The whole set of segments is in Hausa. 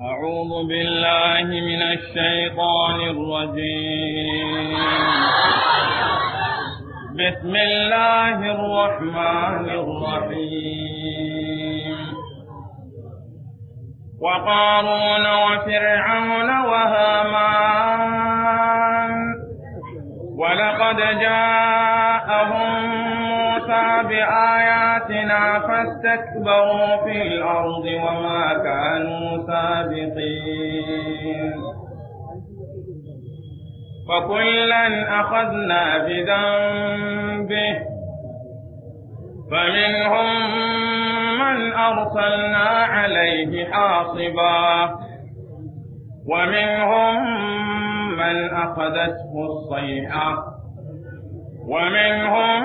أعوذ بالله من الشيطان الرجيم بسم الله الرحمن الرحيم وقارون وفرعون وهامان ولقد جاءهم بآياتنا فاستكبروا في الأرض وما كانوا سابقين وكلا أخذنا بذنبه فمنهم من أرسلنا عليه حاصبا ومنهم من أخذته الصيحة ومنهم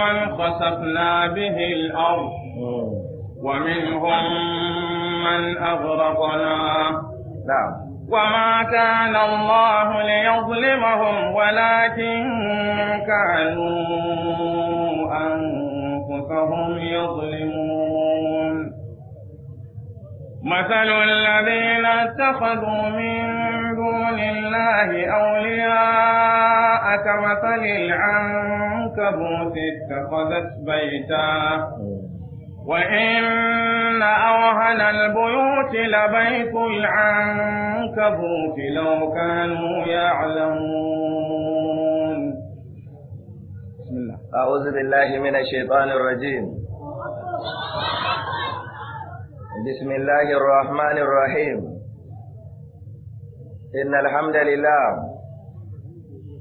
من خسفنا به الأرض آه. ومنهم من أغرقنا نعم وما كان الله ليظلمهم ولكن كانوا أنفسهم يظلمون مثل الذين اتخذوا من دون الله أولياء كمثل العنكبوت اتخذت بيتا وإن أوهن البيوت لبيت العنكبوت لو كانوا يعلمون بسم الله أعوذ بالله من الشيطان الرجيم بسم الله الرحمن الرحيم إن الحمد لله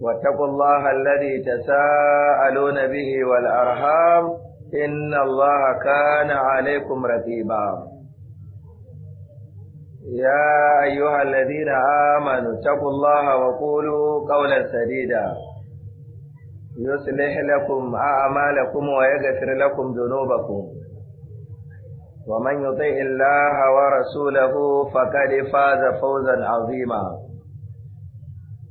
واتقوا الله الذي تساءلون به والأرحام إن الله كان عليكم رتيبا يا أيها الذين آمنوا اتقوا الله وقولوا قولا سديدا يصلح لكم أعمالكم ويغفر لكم ذنوبكم ومن يطيع الله ورسوله فقد فاز فوزا عظيما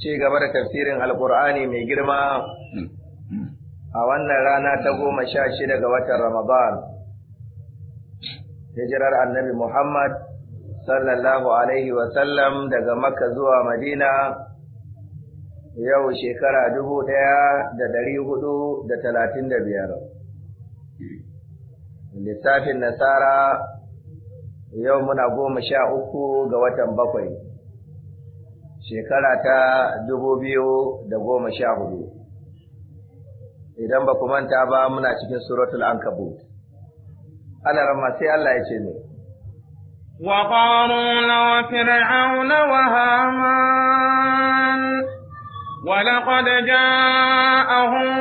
ci gaba da tafsirin alkur'ani mai girma hmm. Hmm. a wannan rana ta goma sha shida ga watan ramadan hijirar annabi muhammad sallallahu alaihi wasallam daga makka zuwa madina yau shekara dubu ɗaya da dari hudu da talatin da biyar lissafin nasara yau muna goma sha uku ga watan bakwai shekara ta dubu biyu da goma sha hudu idan ba ku manta ba muna cikin suratul ankabut ana rama sai Allah ya ce ne wa wa haman wa ولقد جاءهم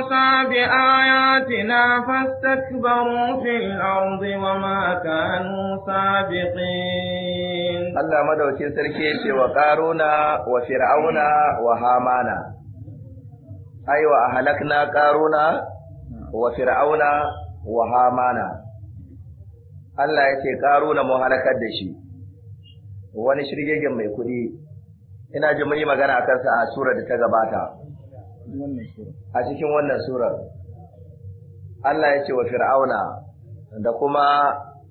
موسى بآياتنا فاستكبروا في الأرض وما كانوا سابقين الله مدوكين سركي وقارونا وفرعون وهامانا أيوة أهلكنا قارونا وفرعون وهامانا Allah ya ce ƙaruna mu halakar da shi wani shirgegen mai kuɗi ina jin mun magana a kansa a sura da ta gabata a cikin wannan surar Allah ya ce wa fir'auna da kuma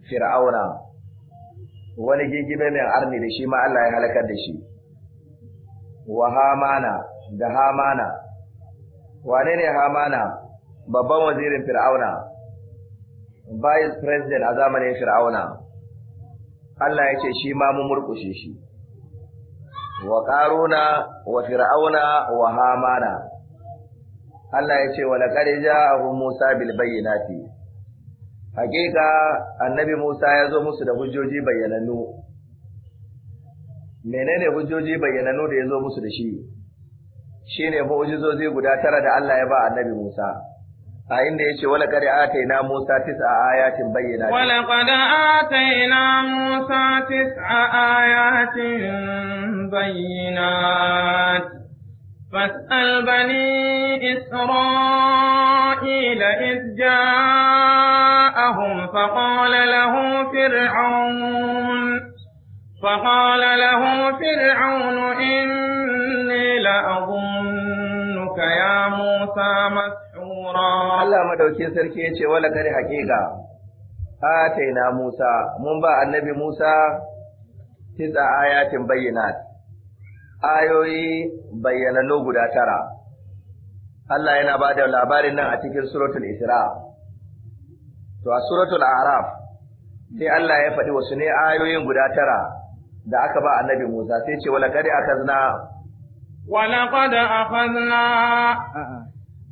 fir'auna wani gingime mai arni da shi ma Allah ya halakar da shi wa hamana da hamana wane ne hamana babban wazirin fir'auna vice president a zamanin fir'auna Allah ya ce shi ma mu murkushe shi wa ƙaruna wa fir'auna wa hamana Allah ya ce wala qad abu Musa bil bayyinati hakika annabi Musa ya zo musu da hujjoji bayyananu menene hujjoji bayyananu da ya zo musu da shi shine mu'jizozi guda tara da Allah ya ba annabi Musa a inda yace wala qad ataina Musa tis'a ayatin bayyinatin wala qad ataina Musa tis'a ayatin bayyinati فاسأل بني إسرائيل إذ جاءهم فقال له فرعون فقال له فرعون إني لأظنك يا موسى مسحورا الله ما دوكي سركي يشي ولا كري حقيقة آتينا موسى من با النبي موسى تسع آيات بينات ayoyi bayyananno guda tara. Allah yana ba da labarin nan a cikin suratul Isra. To a suratul Araf sai Allah ya faɗi wasu ne ayoyin guda tara da aka ba annabi Musa sai ce wala kadi akazna wala qad akhadna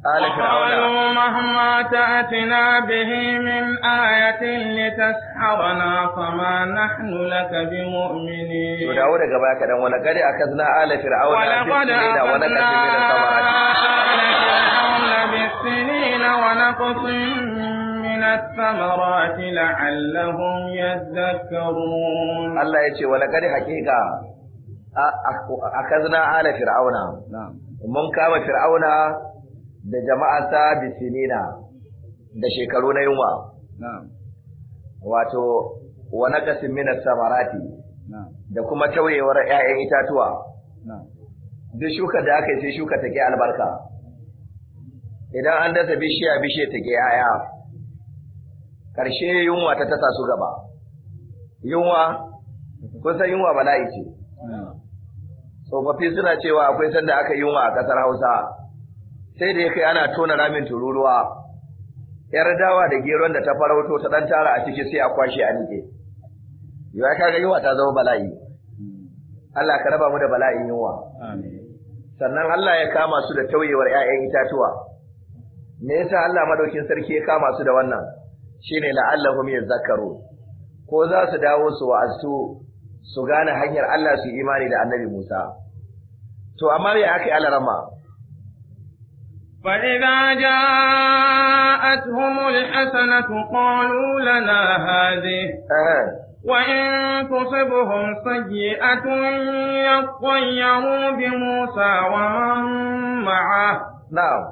آل فرعون وقالوا مهما تأتنا به من آية لتسحرنا فما نحن لك بمؤمنين وداود قبا كدن ولقد أخذنا آل فرعون بالسنين ونقص من الثمرات بالسنين ونقص من الثمرات لعلهم يذكرون الله يجي ولقد حقيقة أخذنا آل فرعون نعم من كام فرعون da jama'arsa bisinina da shekaru na yunwa. Wato, Wani naqasin minar samarati da kuma tauyewar ‘ya'yan itatuwa. Duk shuka da aka yi sai shuka take albarka. Idan an dasa bishiya bishiya take ‘ya'ya, ƙarshe yunwa ta tasa su gaba. Yunwa, san yunwa bala'i ce. Tsofaffi suna cewa akwai sanda aka yunwa a ƙasar Hausa. sai da ya kai ana tona ramin tururuwa yar dawa da geron da ta farauto ta dan tara a ciki sai a kwashe a nike yau kaga yunwa ta zama bala'i Allah ka raba mu da bala'in yunwa sannan Allah ya kama su da tauyewar 'ya'yan itatuwa me yasa Allah madaukin sarki ya kama su da wannan shine la'allahum yazakkaru ko za su dawo su wa'azu su gane hanyar Allah su imani da Annabi Musa to amma ya aka yi alarama فإذا جاءتهم الحسنة قالوا لنا هذه آه. وإن تصبهم سيئة يطيروا بموسى ومن معه نعم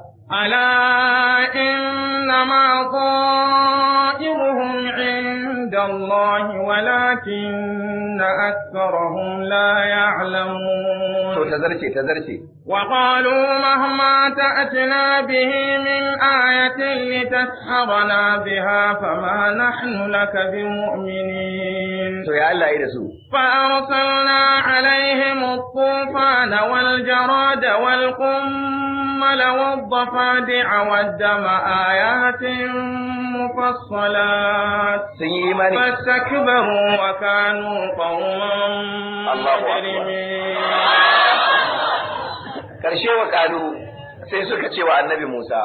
ألا إنما طائرهم عند عند الله ولكن أكثرهم لا يعلمون تزرتي تزرتي وقالوا مهما تأتنا به من آية لتسحرنا بها فما نحن لك بمؤمنين فأرسلنا عليهم الطوفان والجراد والقمر ثم لو الضفادع والدم آيات مفصلات فاستكبروا وكانوا قوما مجرمين karshe wa sai suka ce wa annabi Musa,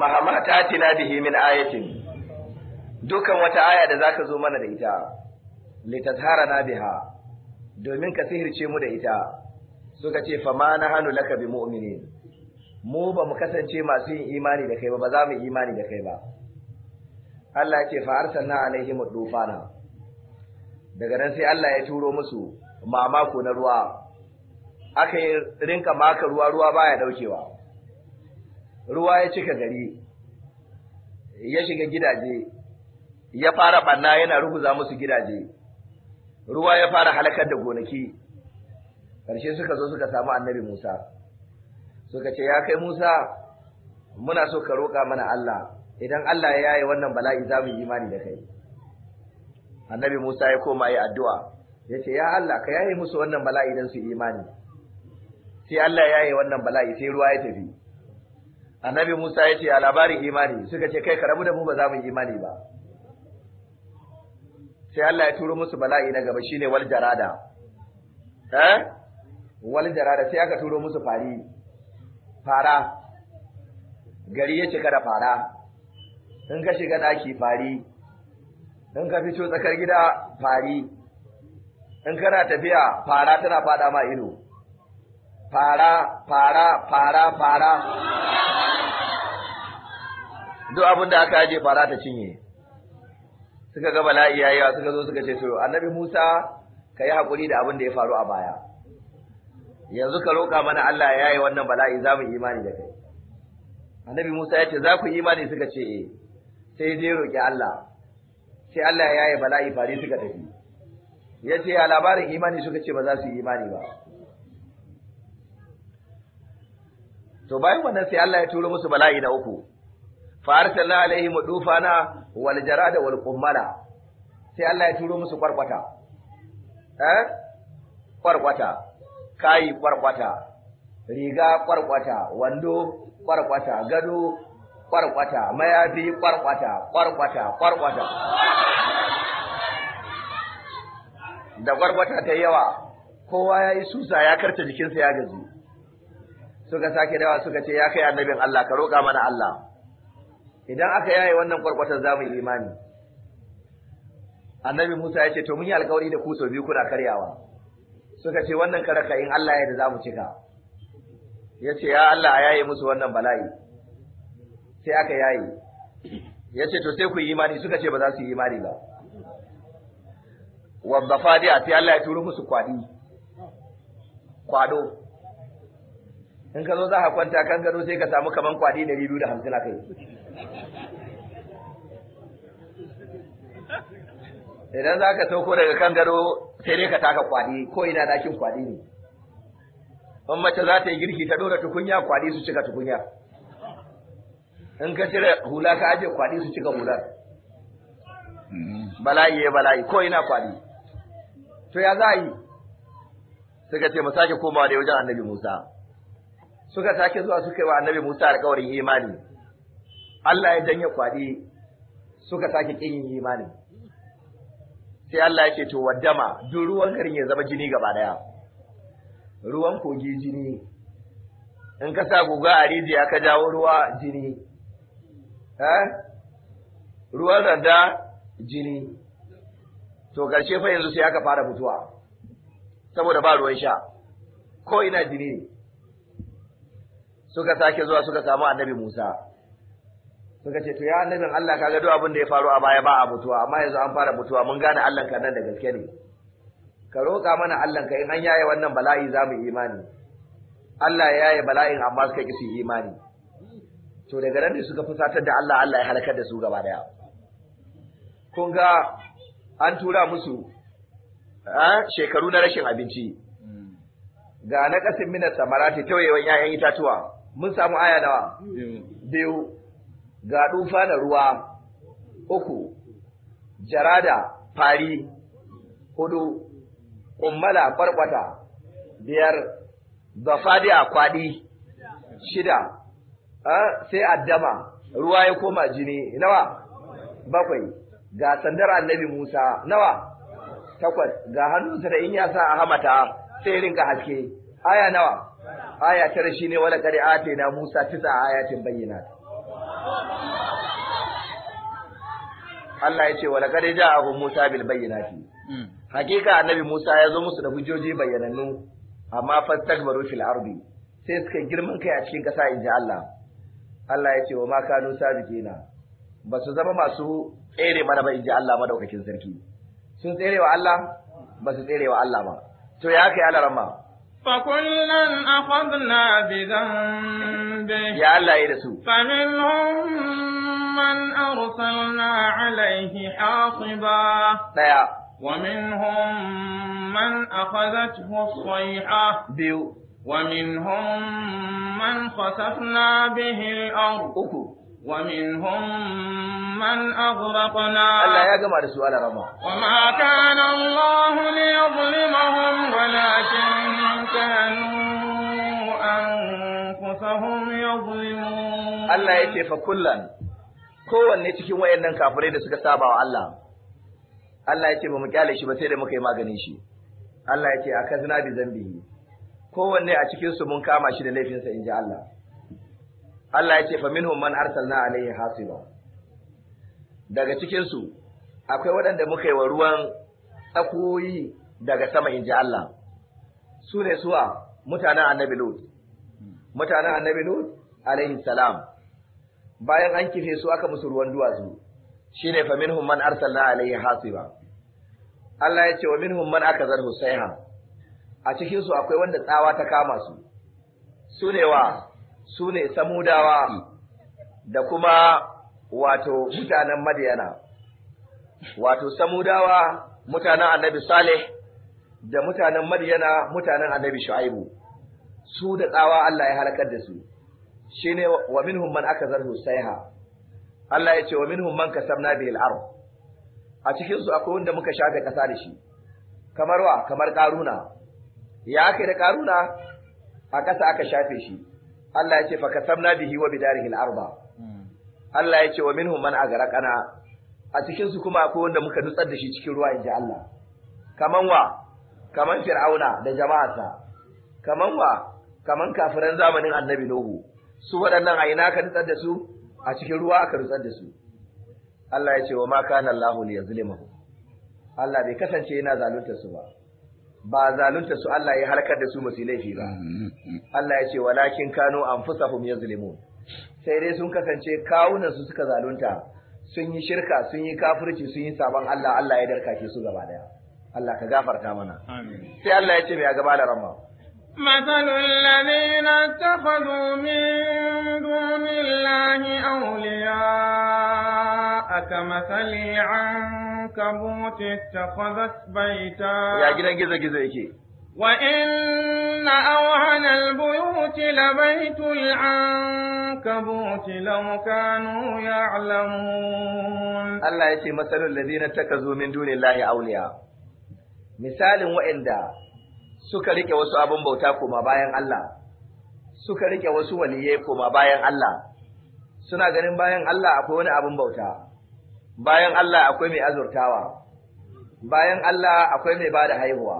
Mahama tina bihi min ayatin, dukan wata aya da zaka zo mana da ita, litazhara na biha, domin ka sihirce mu da ita, suka ce, famana hanu hannu laka bi mu'minin. mu ba mu kasance masu yin imani da kai ba ba za mu imani da kai ba Allah ce fa arsalna alaihim dufana daga nan sai Allah ya turo musu mamako na ruwa aka yi rinka maka ruwa ruwa baya daukewa ruwa ya cika gari ya shiga gidaje ya fara banna yana ruguza musu gidaje ruwa ya fara halakar da gonaki ƙarshe suka zo suka samu annabi Musa suka ce ya kai Musa muna so ka roƙa mana Allah idan Allah ya yaye wannan bala'i za mu yi imani da kai annabi Musa ya koma yi addu'a yace ya Allah ka yaye musu wannan bala'i dan su imani sai Allah ya yaye wannan bala'i sai ruwa ya tafi annabi Musa yace a labarin imani suka ce kai ka rabu da mu ba za mu yi imani ba sai Allah ya turo musu bala'i na gaba shine wal jarada eh wal jarada sai aka turo musu fari fara gari ya cika da fara in ka shiga ɗaki fari in ka fito tsakar gida fari in kana tafiya fara tana fada ma ido fara fara fara fara duk abin da aka je fara ta cinye suka ga bala'i yayi suka zo suka ce to annabi Musa kai hakuri da abin da ya faru a baya yanzu ka roƙa mana Allah ya yi wannan bala'i za mu imani da kai annabi Musa ya ce za ku imani suka ce eh sai dai roƙi Allah sai Allah ya yi bala'i fare suka tafi ya ce ya labarin imani suka ce ba za su imani ba to bayan wannan sai Allah ya turo musu bala'i na uku fa arsalna alaihim dufana wal jarada wal qummala sai Allah ya turo musu kwarkwata eh kwarkwata kayi kwarkwata riga kwarkwata wando kwarkwata gado kwarkwata mayafi kwarkwata kwarkwata kwarkwata da kwarkwata ta yawa kowa ya yi susa ya karta jikinsa ya gaji suka sake dawa suka ce ya kai annabin Allah ka roƙa mana Allah idan aka yaye wannan kwarkwatar za mu imani annabi Musa ya ce to mun yi alkawari da ku sau biyu kuna karyawa suka ce wannan karaka in Allah ya da za mu cika ya ce ya Allah a yaye musu wannan bala'i sai aka yaye ya ce to sai ku yi imani suka ce ba za su yi imani ba wadda fadi a sai Allah ya turu musu kwadi kwado in ka zo za ka kwanta kan gado sai ka samu kaman kwadi ɗari biyu da hamsin a kai idan za ka sauko daga kan gado sai dai ka taka kwaɗi ko ina ɗakin kwaɗi ne in mace za ta yi girki ta ɗora tukunya kwaɗi su cika tukunya in ka cire hula ka aje kwaɗi su cika hular bala'i ya bala'i ko ina kwaɗi to ya za a yi suka ce mu sake komawa da wajen annabi musa suka sake zuwa suka yi wa annabi musa alƙawarin imani Allah ya janye kwaɗi suka sake ƙin imanin sai Allah yake to waddama duk ruwan garin ya zama jini gaba daya ruwan kogi jini in ka sa guga a rijiya ka jawo ruwa jini eh ruwan randa jini to karshe fa yanzu sai aka fara mutuwa saboda ba ruwan sha ko ina jini suka sake zuwa suka samu annabi Musa suka ce to ya annabin Allah kaga duk abin da ya faru a baya ba a mutuwa amma yanzu an fara mutuwa mun gane Allah ka nan da gaske ne ka roƙa mana Allah ka in an yaye wannan bala'i za mu imani Allah ya yaye bala'in amma suka ƙi su imani to daga nan da suka fusatar da Allah Allah ya halaka da su gaba daya kun ga an tura musu shekaru na rashin abinci ga na kasin minar samarati tauyewan 'ya'yan itatuwa mun samu aya nawa hmm. biyu ga ɗufa da ruwa uku, jarada fari hudu, ƙummala farkwata biyar, zafadi a kwadi shida, sai addama ruwa ya koma jini nawa bakwai ga sandar annabi Musa nawa takwas ga hannunsa da in ya sa a hamata sai rinka haske aya nawa aya tara shine wala kare na Musa tisa ayatin ta. Allah ya ce wa laqad ja'a Musa bil bayyinati hmm. hakika annabi Musa ya zo musu da hujjoji bayyanannu amma takbaru fil ardi sai suka girman kai a cikin kasa inji Allah Allah ya ce wa ma kanu sabiqina ba su zama masu tsere mana ba inji Allah madaukakin sarki sun tsere wa Allah ba su tsere wa Allah ba to ya kai Allah rama فكلا أخذنا بذنبه يا الله يا رسول فمنهم من أرسلنا عليه حاصبا ومنهم من أخذته الصيحة بيو ومنهم من خسفنا به الأرض ومنهم من أغرقنا الله يا جماعة السؤال رمى وما كان الله ليظلمهم ولكن كانوا أنفسهم يظلمون الله يتي kowanne cikin wayannan kafirai da suka saba wa Allah Allah ba mu kyale shi ba sai da muka yi maganin shi Allah a akazna bi zambi kowanne a cikin su mun kama shi da laifin sa inji Allah Allah ce fa minhum man arsalna alaihi hasiba daga cikin su akwai waɗanda muka yi wa ruwan tsakoyi daga sama inji Allah su ne suwa mutanen annabi Lut. Mutanen annabi Lut, alaihi salam, bayan an kife su aka musu ruwan duwatsu, shi ne faminhum man arsalna alaihi hasiba. Allah ya ce wa minhum man aka zar Husaiha, a cikinsu akwai wanda tsawa ta kama su, su ne wa, su ne samudawa da kuma wato mutanen Madiyana, wato samudawa mutanen annabi Saleh da mutanen Madiyana mutanen Annabi Shu'aibu su da tsawa Allah ya halakar da su shine wa minhum man zarhu sayha Allah ya ce wa minhum man kasabna bil ard a cikin su akwai wanda muka shafe kasa da shi kamar wa kamar karuna ya aka da karuna a kasa aka shafe shi Allah ya ce fa kasabna bihi wa bidarihil arba Allah ya ce wa minhum man agarqana a cikin su kuma akwai wanda muka nutsar da shi cikin ruwa inji Allah kaman wa kaman fir'auna da jama'arsa kaman wa kaman kafiran zamanin annabi nuhu su waɗannan a ina ka nutsar da su a cikin ruwa aka nutsar da su Allah ya ce wa ma kana Allahu liyazlimahu Allah bai kasance yana zalunta su ba ba zalunta su Allah ya halakar da su masu laifi ba Allah ya ce walakin kanu anfusahum yuzlimun sai dai sun kasance kawunan su suka zalunta sun yi shirka sun yi kafirci sun yi sabon Allah Allah ya darkake su gaba daya Allah ka gafarta mana sai Allah ya ce mai a gaba da rama مثل الذين اتخذوا من دون الله أولياء كمثل العنكبوت اتخذت بيتا يا جدا جدا جدا يكي وإن أوهن البيوت لبيت العنكبوت لو كانوا يعلمون الله يتي مثل الذين اتخذوا من دون الله أولياء misalin waɗanda suka rike wasu abin bauta koma bayan Allah suka rike wasu waliye koma bayan Allah suna ganin bayan Allah akwai wani abin bauta bayan Allah akwai mai azurtawa bayan Allah akwai mai bada haihuwa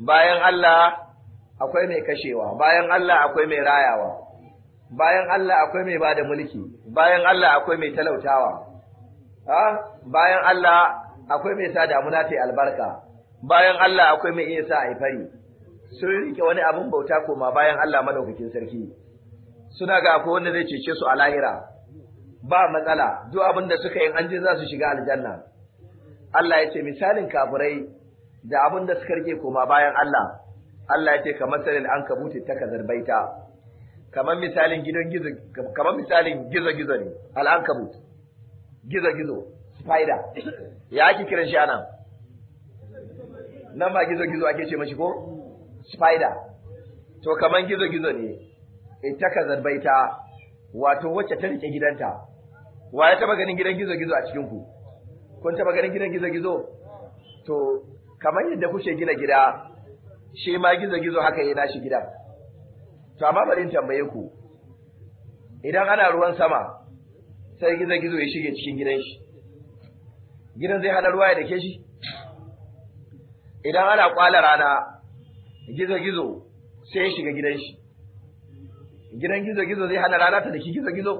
bayan Allah akwai mai kashewa bayan Allah akwai mai rayawa bayan Allah akwai mai bada mulki bayan Allah akwai mai talautawa ah, bayan Allah akwai mai sa damuna ta albarka bayan Allah akwai mai iya sa a yi fari sun rike wani abin bauta koma bayan Allah madaukakin sarki suna ga akwai wanda zai cece su a lahira ba matsala duk abin da suka yi an je za su shiga aljanna Allah ya ce misalin kafirai da abin da suka rike koma bayan Allah Allah ya ce kamar sanin an kabuti ta baita kamar misalin gidan gizo kamar misalin gizo gizo ne al'ankabut gizo gizo spider ya ake kiran shi anan nan ba gizo-gizo ake ce mashi ko spider to kaman gizo-gizo ne ita ka zarbaita wato wacce ta rike gidanta wa ya taba ganin gidan gizo-gizo a cikin ku kun taba ganin gidan gizo-gizo to kaman yadda kuke gina gida shi ma gizo-gizo haka yana nashi gidan to amma bari in tambaye ku idan ana ruwan sama sai gizo-gizo ya shige cikin gidan shi gidan zai hada ruwa ya dake shi idan ana kwala rana gizo-gizo sai ya shiga gidan shi gidan gizo-gizo zai hana rana ta dake gizo-gizo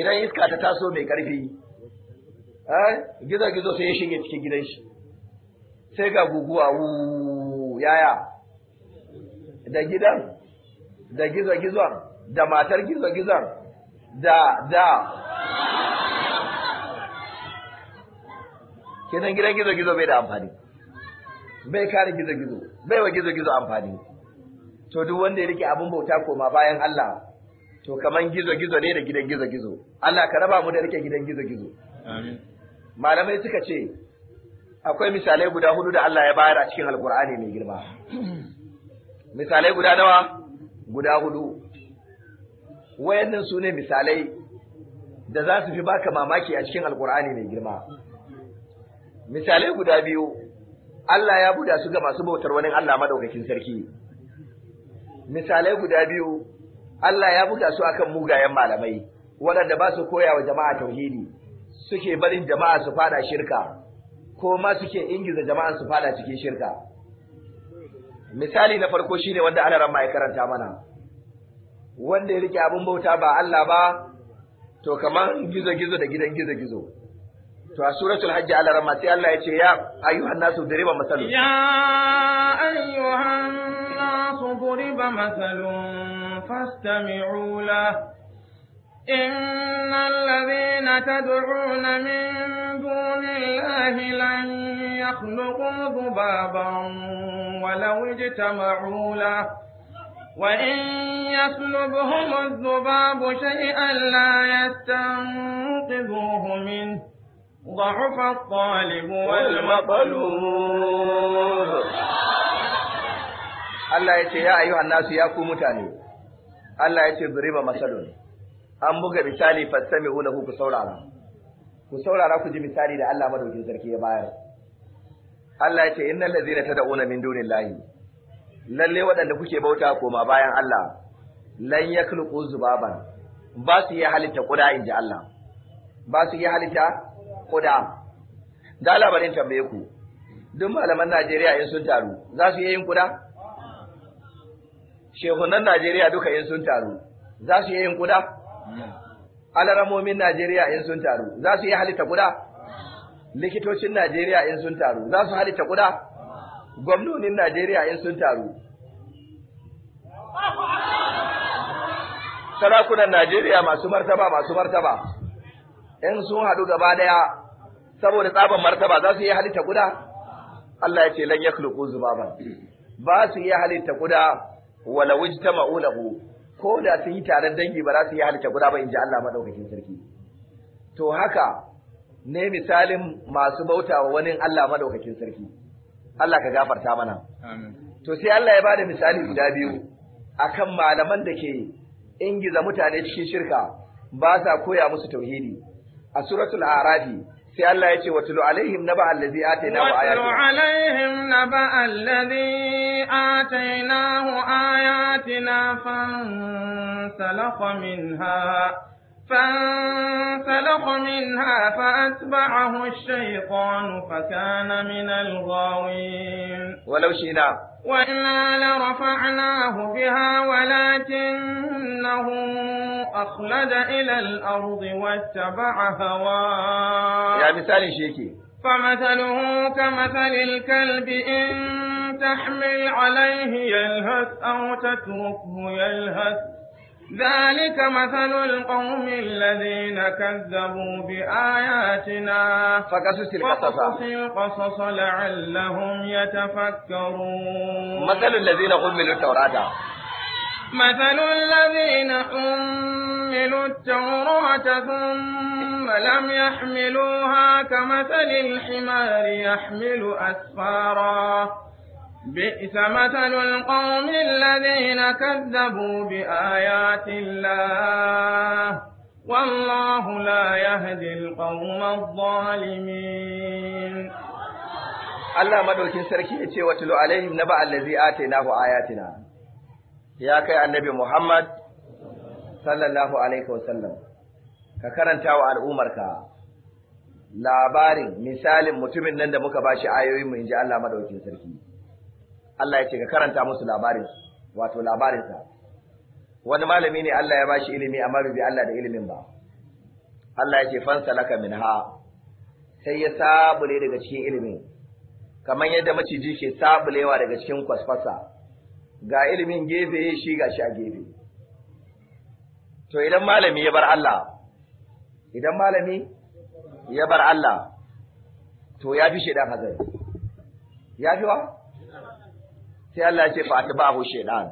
idan iska ta taso mai karfi eh, gizo-gizo sai ya shiga cikin gidan shi sai ga guguwa wu yaya da gidan da gizo-gizon da matar gizo-gizon da da kenan gidan gizo-gizo bai da amfani bai kare gizo gizo bai wa gizo gizo amfani to duk wanda ya rike abin bauta koma bayan Allah to kaman gizo gizo ne da gidan gizo gizo Allah ka raba mu da rike gidan gizo gizo amin malamai suka ce akwai misalai guda hudu da Allah ya bayar a cikin alkur'ani mai girma misalai guda nawa guda hudu wayannan su ne misalai da za su fi baka mamaki a cikin alkur'ani mai girma misalai guda biyu Allah ya buda su ga masu bautar wani Allah madaukakin sarki misalai guda biyu Allah ya buga su akan mugayen malamai waɗanda ba su koya wa jama'a tauhidi suke barin jama'a su fada shirka ko ma suke ingiza jama'a su fada cikin shirka misali na farko shine wanda ana ran mai karanta mana wanda ya rike abin bauta ba Allah ba to kamar gizo gizo da gidan gizo gizo To a suratul hajji ala rama sai Allah ya ce ya ayyuhan nasu duriba masalun. Ya ayyuhan nasu duriba masalun fastami'u la إن الذين تدعون من دون الله لن يخلقوا ذبابا ولو اجتمعوا له وإن يسلبهم الذباب شيئا لا يستنقذوه منه ضعف الطالب والمطلوب Allah ya ce ya ayyu nasu ya ku mutane Allah ya ce zuriba masalun an buga misali fastami'u lahu ku saurara ku saurara ku ji misali da Allah madaukin sarki ya bayar Allah ya ce innal ladzina tad'una min dunillahi lalle waɗanda kuke bauta koma bayan Allah lan yakhluqu zubaban ba su iya halitta kuda inji Allah ba su iya halitta ko da am labarin tambaye ku duk malaman Najeriya in sun taru za su iya yin kuda shehunan Najeriya duka in sun taru za su iya yin kuda alaramomin Najeriya in sun taru za su iya halitta kuda likitocin Najeriya in sun taru za su halitta kuda gwamnonin Najeriya in sun taru sarakunan Najeriya masu martaba masu martaba in sun haɗu gaba ɗaya saboda tsaban martaba za su iya halitta guda Allah ya ce lan yakhluqu zubaban ba su iya halitta guda wala wujtama'u lahu ko da sun yi tare dangi ba za su iya halitta guda ba in ji Allah madaukakin sarki to haka ne misalin masu bauta wa wani Allah madaukakin sarki Allah ka gafarta mana to sai Allah ya ba da misali guda biyu akan malaman da ke ingiza mutane cikin shirka ba sa koya musu tauhidi a suratul arafi sai Allah ya ce wa tulu alaihim naba allazi atainahu ayatina wa alaihim naba allazi atainahu ayatina fansalakha minha فانسلخ منها فأتبعه الشيطان فكان من الغاوين ولو شئنا وإنا لرفعناه بها ولكنه أخلد إلى الأرض واتبع هواه يعني مثال شيكي فمثله كمثل الكلب إن تحمل عليه يلهث أو تتركه يلهث ذلك مثل القوم الذين كذبوا بآياتنا فقصص القصص القصص لعلهم يتفكرون مثل الذين حملوا التوراة مثل الذين حملوا التوراة ثم لم يحملوها كمثل الحمار يحمل أسفارا بئس مثل القوم الذين كذبوا بآيات الله والله لا يهدي القوم الظالمين Allah madaukin sarki ya ce wa tulu alaihim naba allazi atainahu ayatina ya kai annabi Muhammad sallallahu alaihi wasallam ka karanta wa al'umarka labarin misalin mutumin nan da muka bashi ayoyin mu inji Allah madaukin sarki Allah ya ce ka karanta musu labarin wato labarin sa wani malami ne Allah ya bashi ilimi amma bai bi Allah da ilimin ba Allah ya ce fansa laka minha sai ya sabule daga cikin ilimin kamar yadda maciji ke sabulewa daga cikin kwasfasa ga ilimin gefe shi ga shi a gefe to idan malami ya bar Allah idan malami ya bar Allah to ya fi shaidan hazari ya fi wa sai Allah ya ce fa bahu shaytan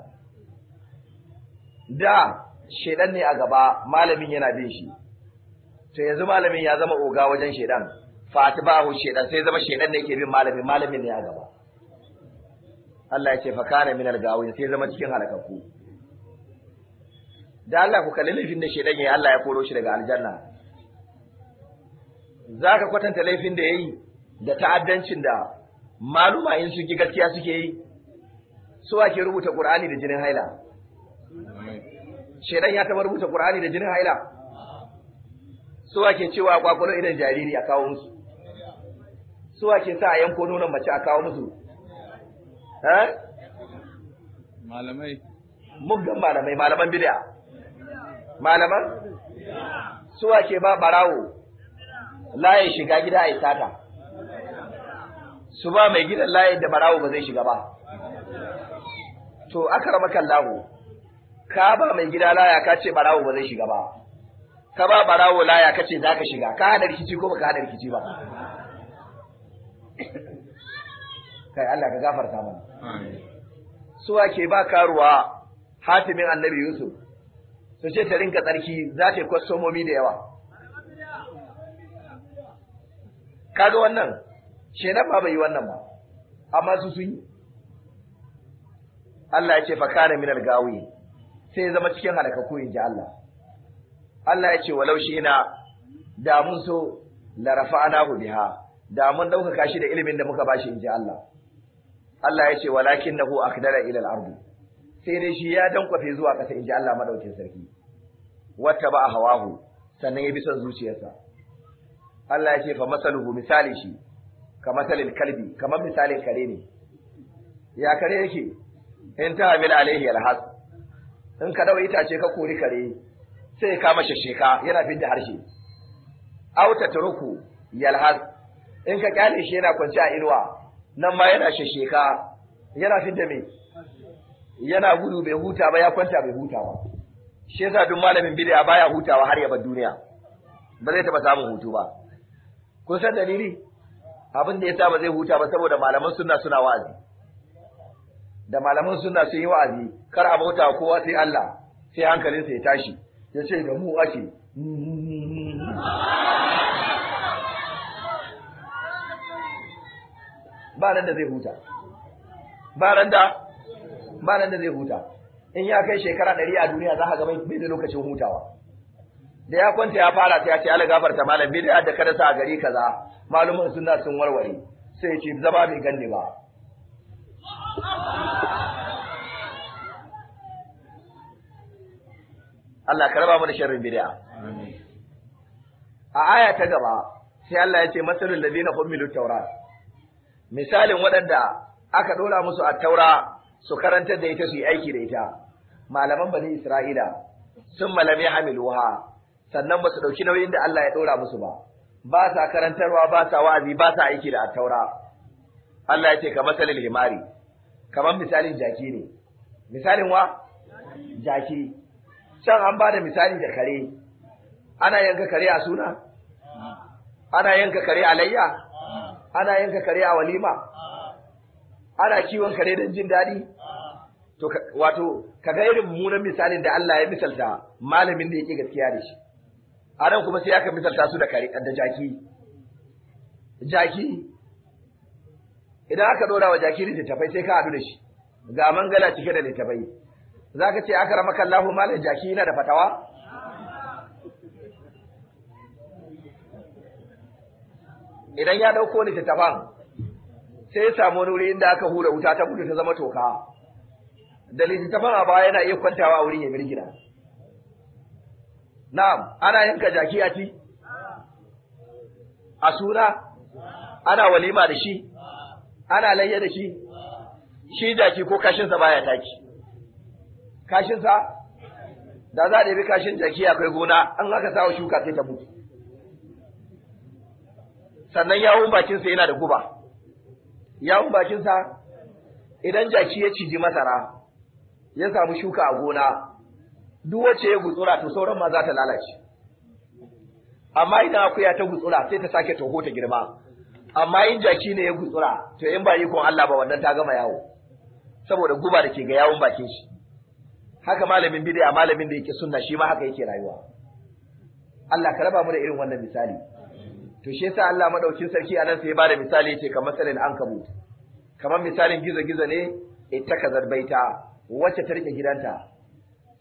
da shaytan ne a gaba malamin yana bin shi to yanzu malamin ya zama oga wajen shaytan fa bahu shaytan sai zama shaytan ne yake bin malamin malamin ne a gaba Allah ya ce fa kana minal gawin sai zama cikin halakakku da Allah ku kalli laifin da shaytan yayi Allah ya koro shi daga aljanna zaka kwatanta laifin da yayi da ta'addancin da maluma in su ki gaskiya suke yi su ake rubuta Qur'ani da jinin haila Shaidan ya taɓa rubuta ƙur'ani da jinin haila su ake cewa kwakwalo idan jariri a kawo musu su ake sa a yanko nuna mace a kawo musu eh? malamai muggan malamai malaman bidiya. malaman su ake ba barawo layin shiga gida a sata su ba mai gidan layin da barawo ba zai shiga ba to aka akramakan lahu ka ba mai gida laya ka ce barawo ba zai shiga ba ka ba barawo laya ka ce za ka shiga ka hada rikici ko baka hada rikici ba kai Allah ka gafarta mana suwa ke ba karuwa hatimin annabi Yusuf su ce ta rinka tsarki za ta yi kwastomomi da yawa kaga wannan shenan ba bai yi wannan ba amma su sun yi Allah ya ce fa kana al gawi sai ya zama cikin halakaku ko inji Allah Allah ya ce walau shi ina da mun so la rafa'nahu biha da mun dauka shi da ilimin da muka bashi inji Allah Allah ya ce walakinahu akdara ila al-ard sai dai shi ya dankwafe zuwa kasa inji Allah madaukin sarki wata ba hawahu sannan ya bi son zuciyarsa Allah ya ce fa masaluhu misali shi ka masalil kalbi kamar misalin kare ne ya kare yake in ta hamil alaihi alhas in ka dawo itace ka kori kare sai ka mashi sheka yana fidda harshe ta tatruku yalhas in ka kyale shi yana kwanci a inuwa nan ma yana shesheka yana fidda me yana gudu bai huta ba ya kwanta bai hutawa shi yasa duk malamin bid'a baya hutawa har ya bar duniya ba zai taba samun hutu ba kun san dalili abin da yasa ba zai huta ba saboda malaman sunna suna wa'azi da malaman sunna sun yi wa'azi kar a bauta kowa sai Allah sai hankalinsa ya tashi ya ce da mu ake ba nan da zai huta ba nan da ba nan da zai huta in ya kai shekara ɗari a duniya za ka ga bai da lokacin hutawa da ya kwanta ya fara sai ya ce ala gafarta malam bai da kada sa a gari kaza malumin sunna sun warware sai ya ce zama bai gande ba Allah ka raba mu da sharrin bid'a a aya ta gaba sai Allah ya ce masalul ladina humilu tawra misalin waɗanda aka dora musu a taura su karanta da ita su yi aiki da ita malaman bani isra'ila sun malami hamiluha sannan ba su dauki nauyin da Allah ya dora musu ba ba sa karantarwa ba sa wa'azi ba sa aiki da taura Allah ya ce ka masalul himari kamar misalin jaki ne misalin wa jaki can an ba da misali da kare ana yanka kare a suna ana yanka kare a layya ana yanka kare a walima ana kiwon kare don jin daɗi to wato kaga irin munan misalin da Allah ya misalta malamin da yake gaskiya da shi a nan kuma sai aka misalta su da kare da jaki jaki idan aka dora wa jaki littattafai sai ka haɗu da shi ga mangala cike da littattafai za ka ce aka rama kallahu malam jaki yana da fatawa? Idan ya ɗauko littattafan sai ya samu wuri inda aka hura wuta ta gudu ta zama toka. Da littafan a baya yana iya kwantawa a wurin ya mirgina. Na'am, ana yanka jaki a ci? A suna? Ana walima da shi? Ana layya da shi? Shi jaki ko kashinsa baya taki. Kashin sa, da za a ɗabi kashin jaki akwai gona an haka sa wa shuka sai ta mutu sannan yawun sa yana da guba yawun sa, idan jaki ya ciji masara ya samu shuka a gona duk wacce ya gutsura to sauran ma za ta lalace amma idan akuya ta gutsura sai ta sake toho ta girma amma in jaki ne ya gutsura to in ba ikon Allah ba wannan ta gama yawo saboda guba da ke ga yawun bakin shi haka malamin a malamin da yake sunna shi ma haka yake rayuwa Allah ka raba mu da irin wannan misali to shi yasa Allah madaukin sarki anan sai ya bada misali yace kamar misalin ankabut kamar misalin gizo-gizo ne ita ka zarbaita wacce ta rike gidanta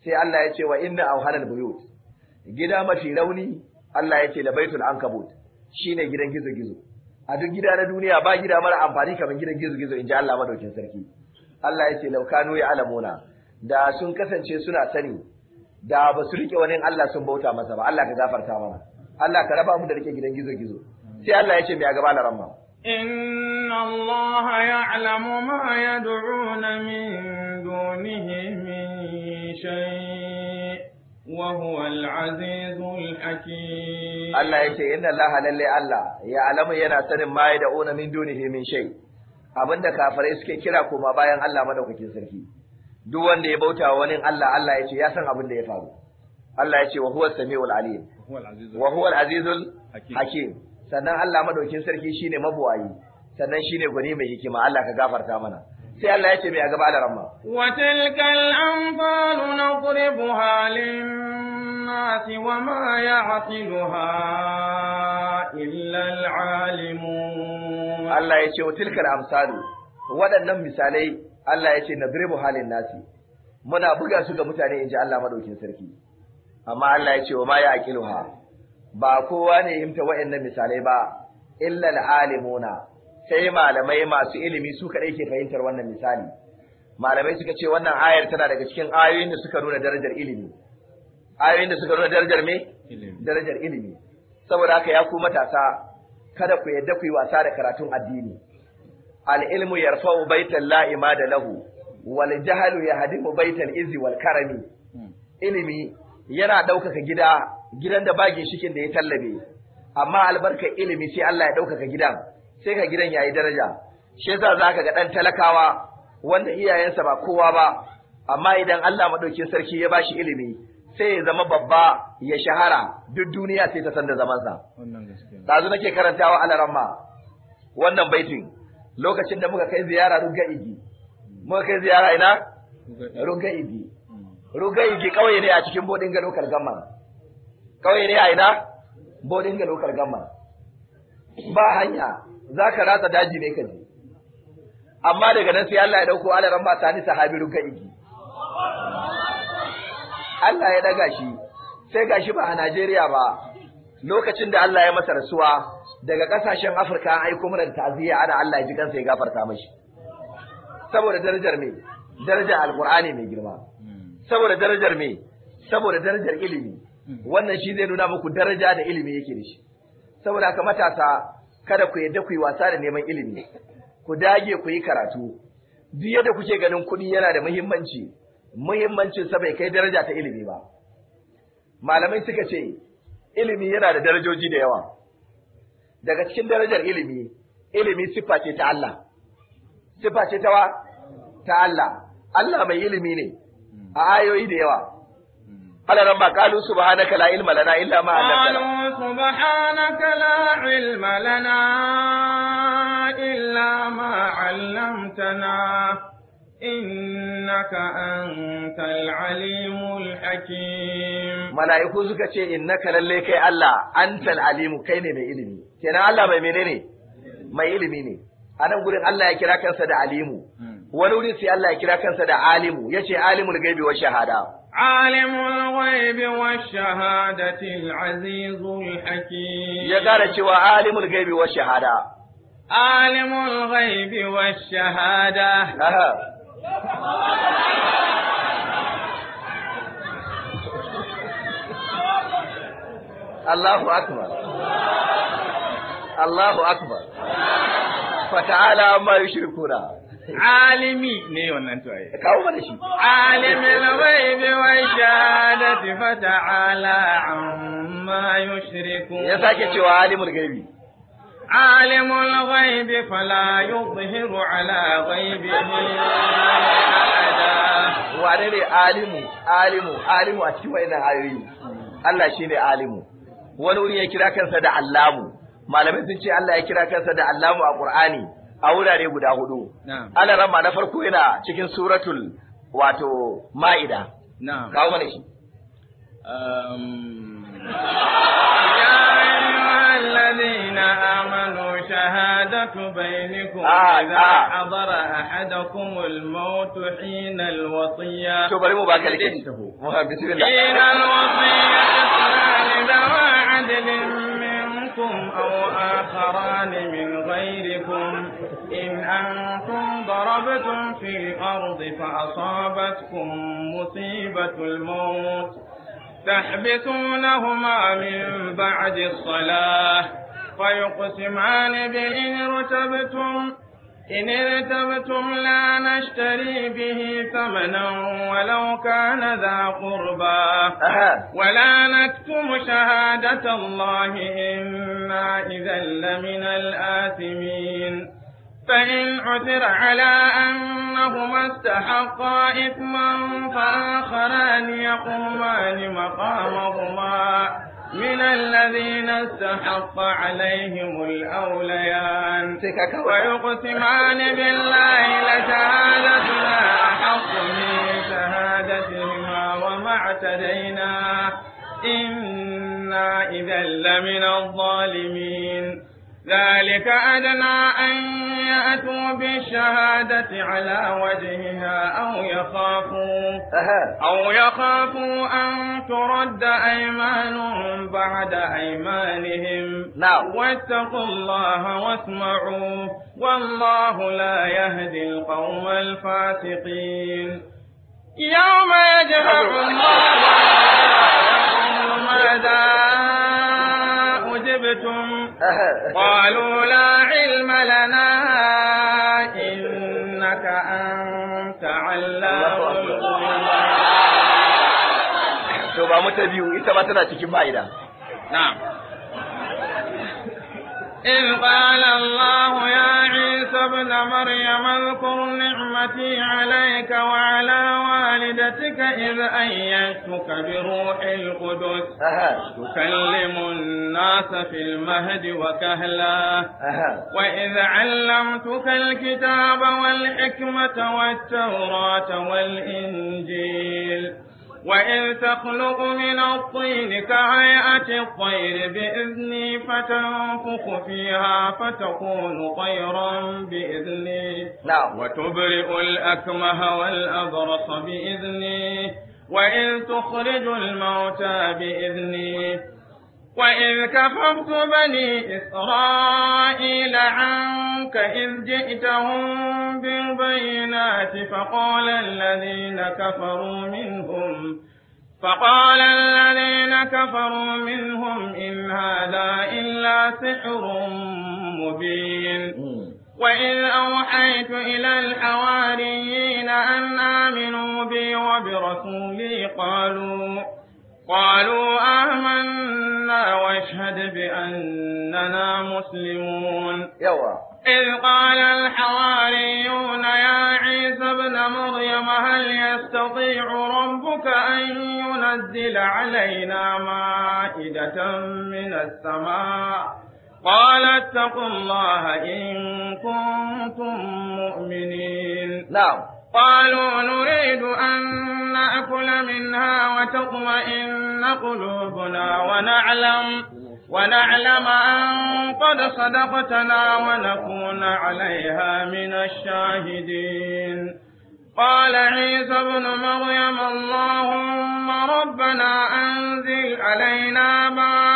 sai Allah ya ce wa inna awhanal buyut gida mafi rauni Allah ya ce da baitul ankabut shine gidan gizo-gizo a duk gida na duniya ba gida mara amfani kamar gidan gizo-gizo ji Allah madaukin sarki Allah yace ce laukanu ya alamuna da sun kasance suna sani da ba su rike wani Allah sun bauta masa ba Allah ka gafarta mana Allah ka raba mu da rike gidan gizo gizo sai Allah ya ce me gaba la ramma inna Allah ya'lamu ma yad'una min dunihi min shay wa huwa al-azizul hakim Allah ya ce inna Allah lalle Allah alamu yana sanin ma yad'una min dunihi min shay abinda kafirai suke kira koma bayan Allah madaukakin sarki duk wanda ya bauta wa wani Allah Allah ya ce ya san abin da ya faru Allah ya ce wa huwa samiul alim wa huwa azizul hakim sannan Allah madaukin sarki shine mabuwayi sannan shine gwani mai hikima Allah ka gafarta mana sai Allah ya ce mai a gaba da ramma wa tilkal amsalu nadribuha ma وما illa al العالمون Allah ya ce wa tilkal amsalu waɗannan misalai Allah ya ce na birbu halin nasi muna buga su ga mutane in ji Allah madaukin sarki amma Allah ya ce wa ma ya aqiluha ba kowa ne himta wayannan misalai ba illa alimuna sai malamai masu ilimi su kadai ke fahimtar wannan misali malamai suka ce wannan ayar tana daga cikin ayoyin da suka nuna darajar ilimi ayoyin da suka nuna darajar me darajar ilimi saboda haka ya ku matasa kada ku yadda ku yi wasa da karatun addini al-ilmu yarfa'u baitan la'ima da lahu wal jahlu yahdimu baital izi wal karami ilimi yana ɗaukaka gida gidan da ba shikin da ya tallabe amma albarka ilimi sai Allah ya ɗaukaka gidan sai ka gidan yayi daraja shi yasa zaka ga ɗan talakawa wanda iyayensa ba kowa ba amma idan Allah madaukin sarki ya bashi ilimi sai ya zama babba ya shahara duk duniya sai ta san da zamansa. Wannan gaskiya. nake karantawa alaramma wannan baitin. lokacin da muka kai ziyara ruga igi muka kai ziyara ina ruga igi ruga igi kawai ne a cikin bodin ga local government kauye ne a ina bodin ga local government ba hanya za ka rasa daji ne ka ji. amma daga nan sai Allah ya dauko alaran ba tani sahabi ruga igi Allah ya daga shi sai gashi ba a Najeriya ba lokacin da Allah ya masa rasuwa daga kasashen Afirka an aiko mana ta'ziya ana Allah ya ji kansa ya gafarta mishi saboda darajar me darajar alqur'ani mai girma saboda darajar me saboda darajar ilimi wannan shi zai nuna muku daraja da ilimi yake da shi saboda haka matasa kada ku yadda ku yi wasa da neman ilimi ku dage ku yi karatu duk yadda kuke ganin kuɗi yana da muhimmanci muhimmancin sa bai kai daraja ta ilimi ba malamai suka ce ilimi yana da darajoji da yawa daga cikin darajar ilimi ilimi siffa ce ta Allah siffa ce ta wa ta Allah Allah mai ilimi ne a ayoyi da yawa Allah ran ba kalu subhanaka la ilma lana illa ma 'allamtana qalu subhanaka la ilma lana illa ma 'allamtana innaka antal alimul hakim mala'iku suka ce innaka lalle kai Allah antal alimu kai ne mai ilimi kenan Allah mai menene mai ilimi ne a nan gurin Allah ya kira kansa da alimu hmm. wani wurin sai Allah ya kira kansa da alimu yace alimul ghaibi wa shahada alimul ghaibi wa shahadati al-azizul hakim ya gara cewa alimul ghaibi wa shahada alimul ghaibi wa shahada Allahu akbar Allahu akbar fata'ala amma yushrikuna alimi ne wannan tuwaye kawo mana shi alimil ghaibi wa shahadati fata'ala amma yushrikun ya sake cewa alimul ghaibi عالم الغيب فلا يظهر على غيبه أحدا وأنا لي عالم عالم عالم أتشوى إن عالم الله شيء عالم ونوري يكرا كنسا دا علام malamai sun ce Allah ya kira kansa da Allahu a Kur'ani a wurare guda hudu. Allah ramma na farko yana cikin suratul wato Ma'ida. Kawo mana shi. Um, بينكم آه، إذا آه. حضر أحدكم الموت حين الوصية شو بريمو باك بسم حين الوصية اثنان ذوى عدل منكم أو آخران من غيركم إن أنتم ضربتم في الأرض فأصابتكم مصيبة الموت تحبسونهما من بعد الصلاة فيقسمان بإن ارتبتم إن ارتبتم لا نشتري به ثمنا ولو كان ذا قربى ولا نكتم شهادة الله إنا إذا لمن الآثمين فإن عثر على أنهما استحقا إثما فآخران يقومان مقامهما من الذين استحق عليهم الأوليان ويقسمان بالله لشهادتنا أحق من شهادتهما وما اعتدينا إنا إذا لمن الظالمين ذلك أدنى أن يأتوا بالشهادة على وجهها أو يخافوا أو يخافوا أن ترد أيمانهم بعد أيمانهم نعم واتقوا الله واسمعوا والله لا يهدي القوم الفاسقين يوم يجمع الله ماذا كذبتم قالوا لا علم لنا إنك أنت علام to ba biyu ita ba tana cikin ba'ida na'am in qala Allah ya ابن مريم اذكر نعمتي عليك وعلى والدتك إذ أيدتك بروح القدس تكلم الناس في المهد وكهلا وإذ علمتك الكتاب والحكمة والتوراة والإنجيل وإذ تخلق من الطين كهيئة الطير بإذني فتنفخ فيها فتكون طيرا بإذني نعم. وتبرئ الأكمه والأبرص بإذني وإذ تخرج الموتى بإذني وإذ كفرت بني إسرائيل عنك إذ جئتهم بالبينات فقال الذين كفروا منهم فقال الذين كفروا منهم إن هذا إلا سحر مبين وإذ أوحيت إلى الحواريين أن آمنوا بي وبرسولي قالوا قالوا آمنا واشهد بأننا مسلمون يوا إذ قال الحواريون يا عيسى ابن مريم هل يستطيع ربك أن ينزل علينا مائدة من السماء قال اتقوا الله إن كنتم مؤمنين نعم قالوا نريد أن نأكل منها وتطمئن قلوبنا ونعلم ونعلم أن قد صدقتنا ونكون عليها من الشاهدين قال عيسى ابن مريم اللهم ربنا أنزل علينا ماءً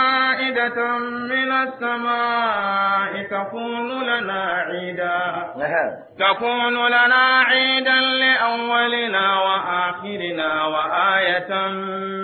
آية من السماء تكون لنا عيدا نعم. تكون لنا عيدا لأولنا وآخرنا وآية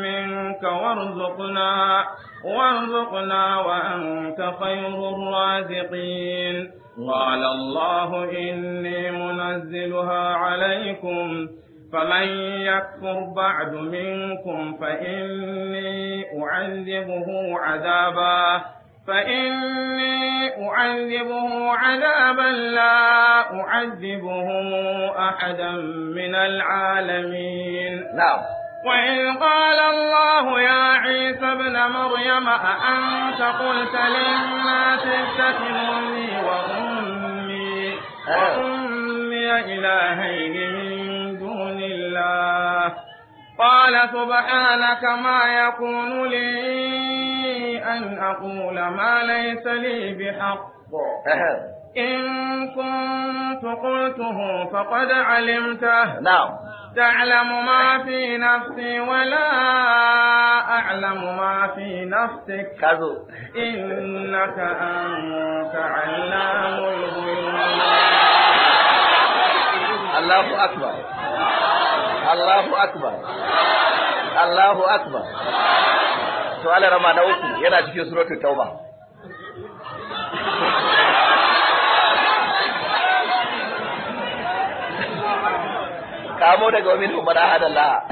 منك وارزقنا وارزقنا وأنت خير الرازقين قال الله إني منزلها عليكم فمن يكفر بعد منكم فإني أعذبه عذابا فإني أعذبه عذابا لا أعذبه أحدا من العالمين نعم وإذ قال الله يا عيسى ابن مريم أأنت قلت للناس اتخذوني وأمي آه. وأمي إلهين من قال سبحانك ما يكون لي أن أقول ما ليس لي بحق إن كنت قلته فقد علمته نعم تعلم ما في نفسي ولا أعلم ما في نفسك كذو إنك أنت علام الغيوب الله أكبر Allahu akbar Allahu akbar to Allah na uku yana cikin suratul tauba kamo daga wamin umar ahad Allah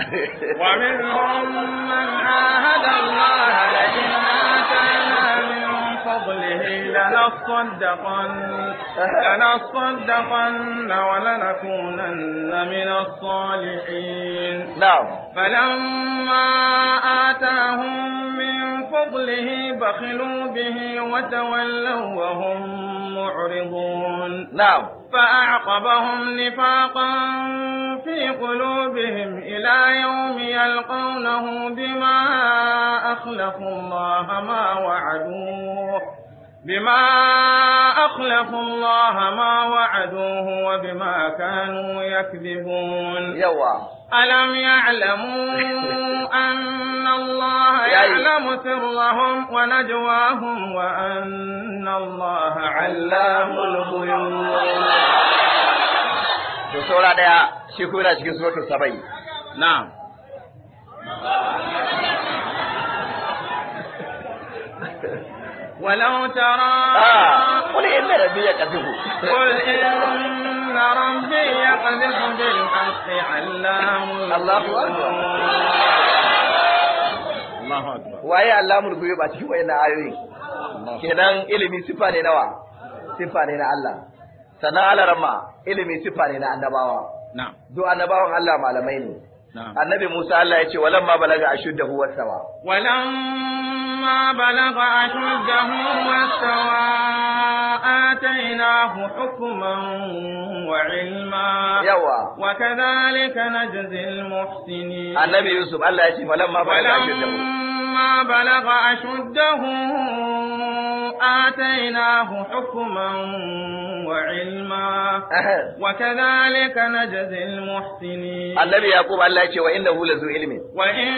Allah min fadlihi لنصدقن ولنكونن من الصالحين نعم فلما آتاهم من فضله بخلوا به وتولوا وهم معرضون نعم فأعقبهم نفاقا في قلوبهم إلى يوم يلقونه بما أخلفوا الله ما وعدوه بما أخلفوا الله ما وعدوه وبما كانوا يكذبون يوا ألم يعلموا أن الله يعلم سرهم ونجواهم وأن الله علام الغيوب سورة شكورا شكورا سبعين نعم ولو ترى قل إن ربي يقذف قل إن ربي يقذف بالحق علام الله أكبر الله أكبر وأي علام الغيوب أتشوف إن آيوين kenan ilimi sifa ne nawa sifa ne na Allah sannan alarama ilimi sifa ne na annabawa do annabawan Allah malamai ne annabi Musa Allah ya ce walamma balaga ashuddahu wasawa walamma فلما بلغ أشده واستوى آتيناه حكما وعلما يوا وكذلك نجزي المحسنين النبي يوسف الله يشفي فلما بلغ أشده فلما بلغ أشده آتيناه حكما وعلما وكذلك نجزي المحسنين النبي يعقوب الله يشفي وإنه لذو علم وإن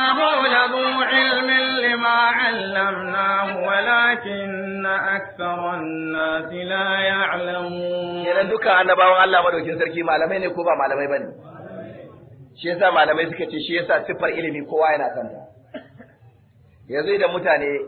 إنه لذو علم لما علمناه ولكن أكثر الناس لا يعلمون kenan duka annabawan Allah madaukin sarki malamai ne ko ba malamai bane shi yasa malamai suka ce shi yasa siffar ilimi kowa yana santa yanzu da mutane